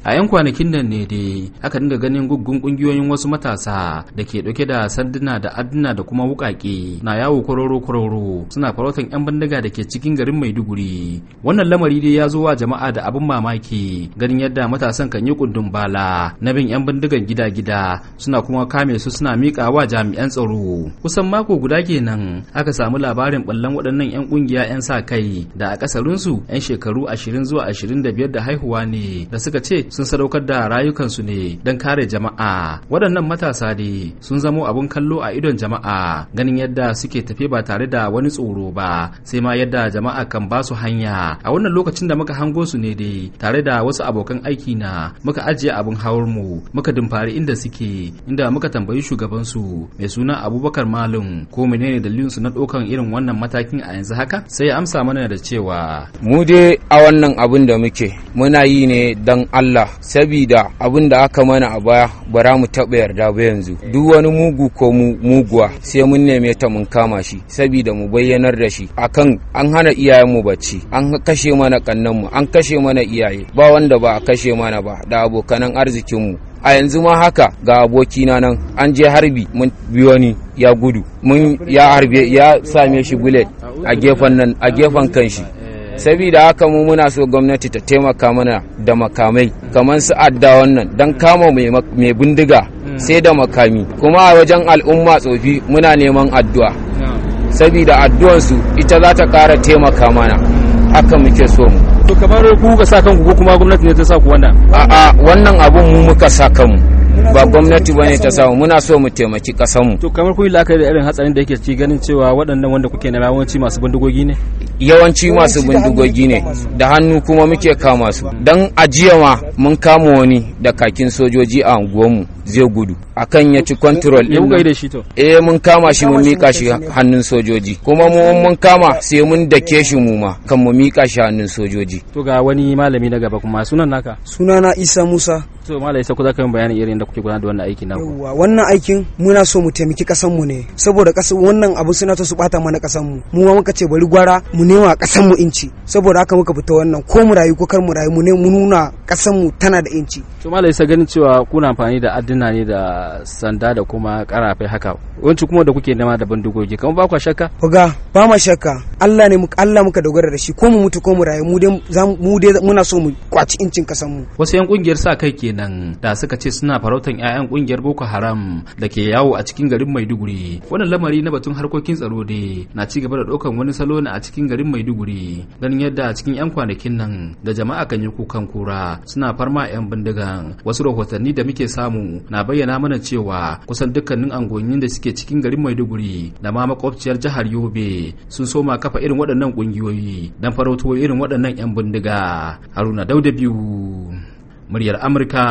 a yan kwanakin nan ne dai aka dinga ganin guggun kungiyoyin wasu matasa da ke dauke da sanduna da adduna da kuma wukake na yawo kororo kororo suna farautan yan bindiga da ke cikin garin maiduguri wannan lamari dai ya zo wa jama'a da abin mamaki ganin yadda matasan kan yi kundin bala na bin yan bindigan gida gida suna kuma kame su suna mika wa jami'an tsaro kusan mako guda kenan aka samu labarin ballan waɗannan yan kungiya yan sa kai da a akasarinsu yan shekaru ashirin zuwa ashirin da biyar da haihuwa ne da suka ce sun sadaukar da rayukansu ne don kare jama'a waɗannan matasa ne sun zamo abin kallo a idon jama'a ganin yadda suke tafi ba tare da wani tsoro ba sai ma yadda jama'a kan ba su hanya a wannan lokacin da muka hango su ne dai tare da wasu abokan aiki na muka ajiye abin hawar mu muka dumfari inda suke inda muka tambayi shugabansu mai suna abubakar malum ko menene dalilinsu na ɗaukan irin wannan matakin a yanzu haka sai ya amsa mana da cewa mu dai a wannan abin da muke muna yi ne don allah Allah sabida abin da aka mana a baya bara mu taɓa yarda ba yanzu duk wani mugu ko mu muguwa sai mun neme ta mun kama shi sabida mu bayyanar da shi akan an hana mu bacci an kashe mana kannanmu an kashe mana iyaye ba wanda ba a kashe mana ba da abokanan arzikinmu a yanzu ma haka ga abokina nan an je harbi mun biyo ni ya gudu mun ya harbe ya same shi bullet a gefen nan a gefen kanshi saboda haka mu muna so gwamnati ta taimaka mana da makamai kamar su adda wannan don kama mai bindiga sai da makami kuma a wajen al'umma tsofi muna neman addu'a saboda addu'ansu ita za ta kara taimaka mana haka muke so mu kamar ku ga sa kanku ko kuma gwamnati ne ta sa ku wannan a'a wannan abun mu muka sa kanmu ba gwamnati bane ta samu muna so mu taimaki mu to kamar kun yi la'akari da irin hatsarin da yake ci ganin cewa waɗannan wanda kuke na yawanci masu bindigogi ne yawanci masu bindigogi ne da hannu kuma muke kama su dan ajiya ma mun kama wani da kakin sojoji a unguwarmu zai gudu akan ya ci control din eh mun kama shi mun mika shi hannun sojoji kuma mu mun kama sai mun dake shi mu ma kan mu mika shi hannun sojoji to ga wani malami na gaba kuma sunan naka sunana Isa Musa to malai sai ku zaka yi bayanin irin da kuke kake gudanar da wannan aiki na yawa wannan aikin muna so mu taimaki kasan mu ne saboda kasan wannan abu suna ta su bata mana kasan mu mu ma muka ce bari gwara mu nema kasan mu inci saboda haka muka fita wannan ko mu rayu ko kar mu rayu mu ne mu nuna kasan mu tana da inci to malai sa ganin cewa kuna amfani da adduna ne da sanda da kuma karafai haka wancan kuma da kuke nema da bindigogi kamar ba ku shakka ga ba ma shakka Allah ne Allah muka dogara da shi ko mu mutu ko mu rayu mu dai mu dai muna so mu kwaci incin kasan mu wasu yan kungiyar sa kai kenan da suka ce suna farauta. akan 'ya'yan kungiyar boko haram da ke yawo a cikin garin maiduguri wannan lamari na batun harkokin tsaro ne na ci gaba da ɗaukan wani salo ne a cikin garin maiduguri ganin yadda a cikin 'yan kwanakin nan da jama'a kan yi kukan kura suna farma 'yan bindigan wasu rahotanni da muke samu na bayyana mana cewa kusan dukkanin angonyin da suke cikin garin maiduguri da ma makwabciyar jihar yobe sun soma kafa irin waɗannan ƙungiyoyi don farauto irin waɗannan 'yan bindiga haruna dauda biyu muryar amurka